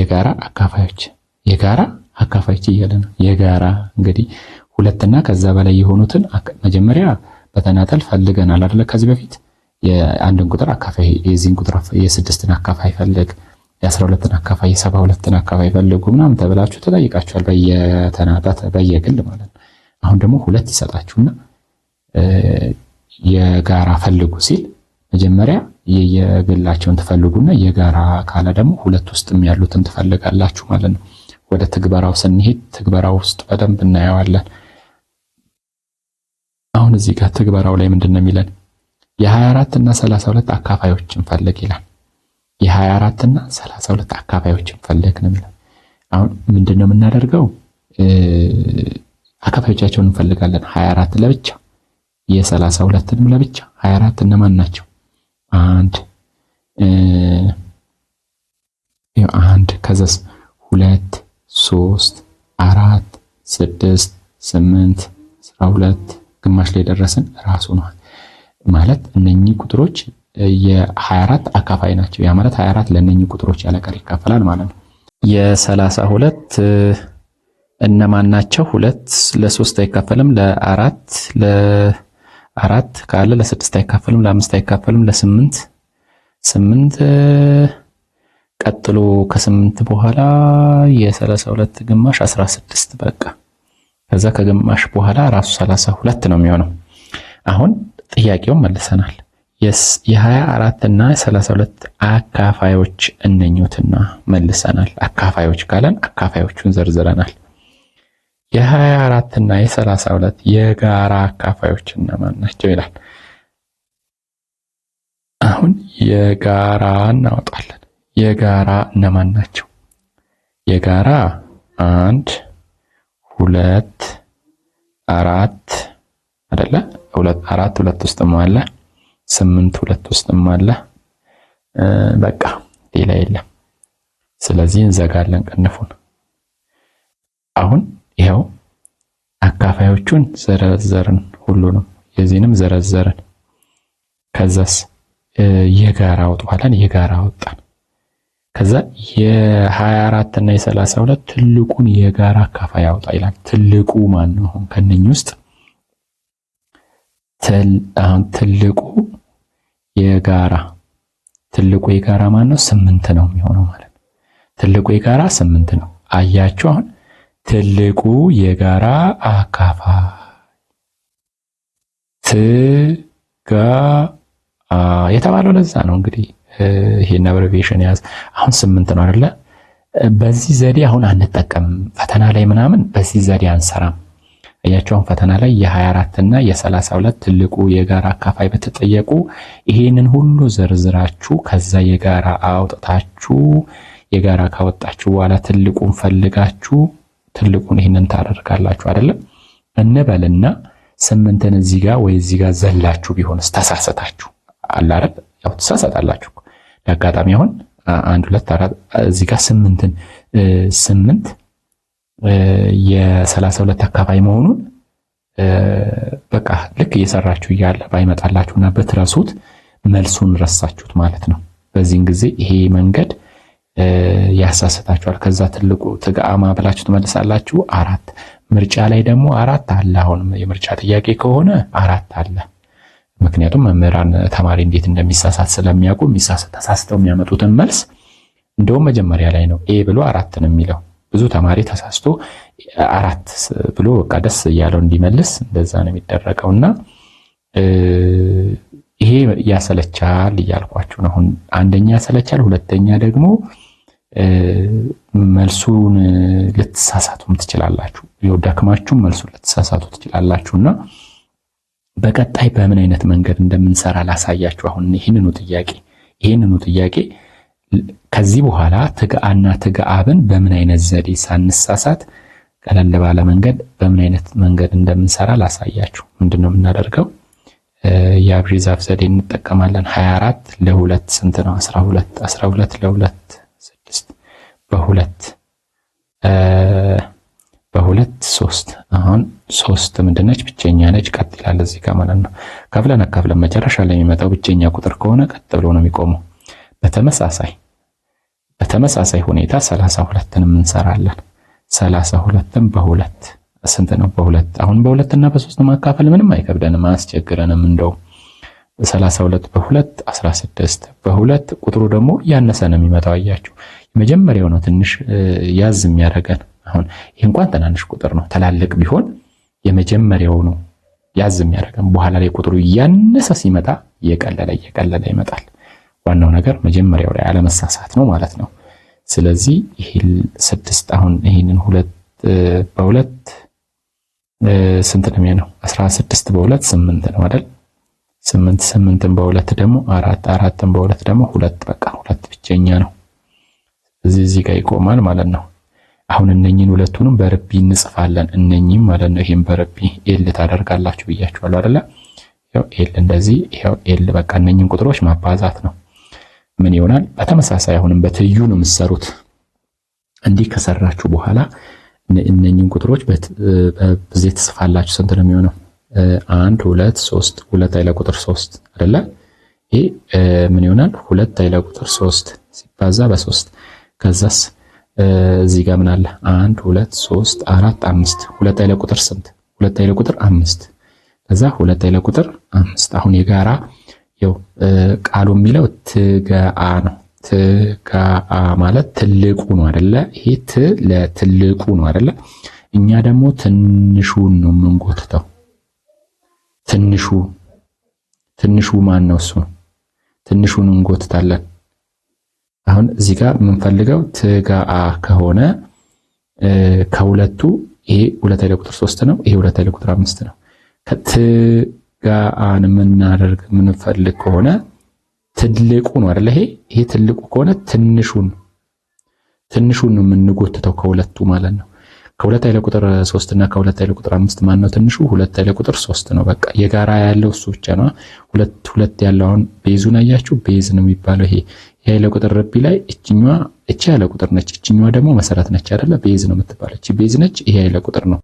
የጋራ አካፋዮች የጋራ አካፋዮች እያለ ነው። የጋራ እንግዲህ ሁለትና ከዛ በላይ የሆኑትን መጀመሪያ በተናጠል ፈልገናል አይደለ? ከዚህ በፊት የአንድን ቁጥር አካፋይ የዚህን ቁጥር የስድስትን አካፋይ ፈልግ፣ የአስራ ሁለትን አካፋይ፣ የሰባ ሁለትን አካፋይ ፈልጉ ምናምን ተብላችሁ ተጠይቃችኋል። በየተናጠል በየግል ማለት ነው። አሁን ደግሞ ሁለት ይሰጣችሁና የጋራ ፈልጉ ሲል መጀመሪያ የየግላቸውን ትፈልጉና የጋራ ካለ ደግሞ ሁለት ውስጥም ያሉትን ትፈልጋላችሁ ማለት ነው። ወደ ትግበራው ስንሄድ ትግበራው ውስጥ በደንብ እናየዋለን። አሁን እዚህ ጋር ትግበራው ላይ ምንድን ነው የሚለን? የ24 እና 32 አካፋዮችን እንፈልግ ይላል። የ24 እና 32 አካፋዮች እንፈልግ ነው የሚለን። አሁን ምንድን ነው የምናደርገው? አካፋዮቻቸውን እንፈልጋለን። 24 ለብቻ፣ የ32ንም ለብቻ። 24 እነማን ናቸው? አንድ አንድ ከዛስ ሁለት ሶስት አራት ስድስት ስምንት አስራ ሁለት ግማሽ ላይ ደረስን። ራሱ ነው ማለት እነኚህ ቁጥሮች የ24 አካፋይ ናቸው። ያ ማለት 24 ለእነኚህ ቁጥሮች ያለቀር ይካፈላል ማለት ነው። የሰላሳ 32 እነማን ናቸው? ሁለት ለሶስት አይካፈልም፣ ለአራት ለ አራት ካለ ለስድስት አይካፈልም፣ ለአምስት አይካፈልም፣ ለስምንት ስምንት ቀጥሎ ከስምንት በኋላ የሰላሳ ሁለት ግማሽ አስራ ስድስት በቃ ከዛ ከግማሽ በኋላ ራሱ ሰላሳ ሁለት ነው የሚሆነው። አሁን ጥያቄውን መልሰናል። የሀያ አራት እና ሰላሳ ሁለት አካፋዮች እነኙትና መልሰናል። አካፋዮች ካለን አካፋዮቹን ዘርዝረናል። የ አራት እና የሰላሳ 32 የጋራ አካፋዮች እነማን ናቸው ይላል። አሁን የጋራ እናወጣለን። የጋራ እነማን ናቸው? የጋራ አንድ ሁለት አራት አይደለ? ሁለት አራት ሁለት ውስጥም አለ፣ ስምንት ሁለት ውስጥም አለ። በቃ ሌላ የለም። ስለዚህ እንዘጋለን ቅንፉን አሁን ይኸው አካፋዮቹን ዘረዘርን፣ ሁሉንም የዚህንም ዘረዘርን። ከዛስ የጋራ አውጥኋላን የጋራ አወጣን። ከዛ የ24 እና የ32 ትልቁን የጋራ አካፋይ አውጣ ይላል። ትልቁ ማን ነው? አሁን ከነኝ ውስጥ አሁን ትልቁ የጋራ ትልቁ የጋራ ማን ነው? ስምንት ነው የሚሆነው ማለት ነው። ትልቁ የጋራ ስምንት ነው። አያችሁ አሁን ትልቁ የጋራ አካፋይ ስጋ የተባለው ለዛ ነው። እንግዲህ ይሄን አብሬቬሽን ያዝ። አሁን ስምንት ነው አይደለ? በዚህ ዘዴ አሁን አንጠቀምም። ፈተና ላይ ምናምን በዚህ ዘዴ አንሰራም። እያቸውን ፈተና ላይ የ24 እና የ32 ትልቁ የጋራ አካፋይ በተጠየቁ ይሄንን ሁሉ ዘርዝራችሁ ከዛ የጋራ አውጥታችሁ የጋራ ካወጣችሁ በኋላ ትልቁን ፈልጋችሁ ትልቁን ይህንን ታደርጋላችሁ አይደለም እንበልና ስምንትን እዚህ ጋር ወይ እዚህ ጋር ዘላችሁ ቢሆንስ ተሳሰታችሁ አላረብ ያው ተሳሰታላችሁ። ለአጋጣሚ አሁን አንድ ሁለት አራት እዚህ ጋር ስምንትን ስምንት የሰላሳ ሁለት አካባቢ መሆኑን በቃ ልክ እየሰራችሁ እያለ ባይመጣላችሁና ብትረሱት መልሱን ረሳችሁት ማለት ነው። በዚህን ጊዜ ይሄ መንገድ ያሳስታችኋል። ከዛ ትልቁ ትግአማ ብላችሁ ትመልሳላችሁ። አራት ምርጫ ላይ ደግሞ አራት አለ። አሁን የምርጫ ጥያቄ ከሆነ አራት አለ። ምክንያቱም መምህራን ተማሪ እንዴት እንደሚሳሳት ስለሚያውቁ ተሳስተው የሚያመጡትን መልስ እንደውም መጀመሪያ ላይ ነው ኤ ብሎ አራት ነው የሚለው። ብዙ ተማሪ ተሳስቶ አራት ብሎ በቃ ደስ እያለው እንዲመልስ እንደዛ ነው እና ይሄ ያሰለቻል እያልኳችሁ ነው። አሁን አንደኛ ያሰለቻል፣ ሁለተኛ ደግሞ መልሱን ልትሳሳቱም ትችላላችሁ። ይኸው ደክማችሁም መልሱን ልትሳሳቱ ትችላላችሁ እና በቀጣይ በምን አይነት መንገድ እንደምንሰራ ላሳያችሁ። አሁን ይህንኑ ጥያቄ ይህንኑ ጥያቄ ከዚህ በኋላ ትግአና ትግአብን በምን አይነት ዘዴ ሳንሳሳት ቀለል ባለ መንገድ በምን አይነት መንገድ እንደምንሰራ ላሳያችሁ። ምንድን ነው የምናደርገው? የአብሪ ዛፍ ዘዴ እንጠቀማለን። 24 ለሁለት ስንት ነው? 12 12 ለሁለት 6 በሁለት በሁለት 3 አሁን 3 ምንድነች? ብቸኛ ነች። ቀጥ ይላል እዚህ ጋር ማለት ነው። ከፍለን ከፍለን መጨረሻ ላይ የሚመጣው ብቸኛ ቁጥር ከሆነ ቀጥ ብሎ ነው የሚቆመው። በተመሳሳይ በተመሳሳይ ሁኔታ 32ንም እንሰራለን። 32ን በሁለት ስንት ነው? በሁለት አሁን በሁለት እና በሶስት ማካፈል ምንም አይከብደንም፣ አያስቸግረንም። እንደው ሰላሳ ሁለት በሁለት 16 በሁለት ቁጥሩ ደግሞ እያነሰ ነው የሚመጣው። አያችሁ፣ የመጀመሪያው ነው ትንሽ ያዝ የሚያደርገን። አሁን ይህ እንኳን ትናንሽ ቁጥር ነው፣ ትላልቅ ቢሆን የመጀመሪያው ነው ያዝ የሚያደርገን። በኋላ ላይ ቁጥሩ እያነሰ ሲመጣ እየቀለለ እየቀለለ ይመጣል። ዋናው ነገር መጀመሪያው ላይ አለመሳሳት ነው ማለት ነው። ስለዚህ ይሄ ስድስት አሁን ይህንን ሁለት በሁለት ስንት ነው የሚሆነው? 16 ስድስት በሁለት ስምንት ነው አይደል? ስምንት ስምንትን በሁለት ደግሞ አራት አራትን በሁለት ደግሞ ሁለት በቃ ሁለት ብቸኛ ነው። እዚህ እዚህ ጋር ይቆማል ማለት ነው። አሁን እነኚህን ሁለቱንም በርቢ እንጽፋለን። እነኚህም ማለት ነው። ይሄን በርቢ ኤል ታደርጋላችሁ ብያችኋለሁ አይደለ? ያው ኤል እንደዚህ ያው ኤል በቃ እነኚህን ቁጥሮች ማባዛት ነው። ምን ይሆናል? በተመሳሳይ አሁንም በትዩ ነው የምትሰሩት። እንዲህ ከሰራችሁ በኋላ እነኝን ቁጥሮች በዚህ የተጽፋላችሁ ስንት ነው የሚሆነው? አንድ ሁለት ሶስት ሁለት ኃይለ ቁጥር ሶስት አይደለ? ይህ ምን ይሆናል? ሁለት ኃይለ ቁጥር ሶስት ሲባዛ በሶስት ከዛስ እዚህ ጋር ምን አለ? አንድ ሁለት ሶስት አራት አምስት ሁለት ኃይለ ቁጥር ስንት? ሁለት ኃይለ ቁጥር አምስት ከዛ ሁለት ኃይለ ቁጥር አምስት አሁን የጋራ ያው ቃሉ የሚለው ትገአ ነው ትካአ ማለት ትልቁ ነው አይደለ? ይሄ ት ለትልቁ ነው አይደለ? እኛ ደግሞ ትንሹን ነው የምንጎትተው። ትንሹ ትንሹ ማን ነው? እሱ ነው። ትንሹን እንጎትታለን። አሁን እዚህ ጋር የምንፈልገው ትጋአ ከሆነ ከሁለቱ ይሄ ሁለት ኃይለ ቁጥር ሶስት ነው። ይሄ ሁለት ኃይለ ቁጥር አምስት ነው። ከትጋአን የምናደርግ የምንፈልግ ከሆነ ትልቁ ነው አይደለ? ይሄ ይሄ ትልቁ ከሆነ ትንሹን ትንሹን ነው የምንጎትተው ከሁለቱ ማለት ነው። ከሁለት ኃይለ ቁጥር 3 እና ከሁለት ኃይለ ቁጥር 5 ማን ነው ትንሹ? ሁለት ኃይለ ቁጥር 3 ነው። በቃ የጋራ ያለው እሱ ብቻ ነው። ሁለት ሁለት ያለው አሁን ቤዙን አያችሁ? ቤዝ ነው የሚባለው ይሄ የኃይለ ቁጥር ረቢ ላይ እችኛዋ እቺ ኃይለ ቁጥር ነች፣ እችኛዋ ደግሞ መሰረት ነች አይደለ? ቤዝ ነው የምትባለች። ቤዝ ነች። ይሄ ኃይለ ቁጥር ነው።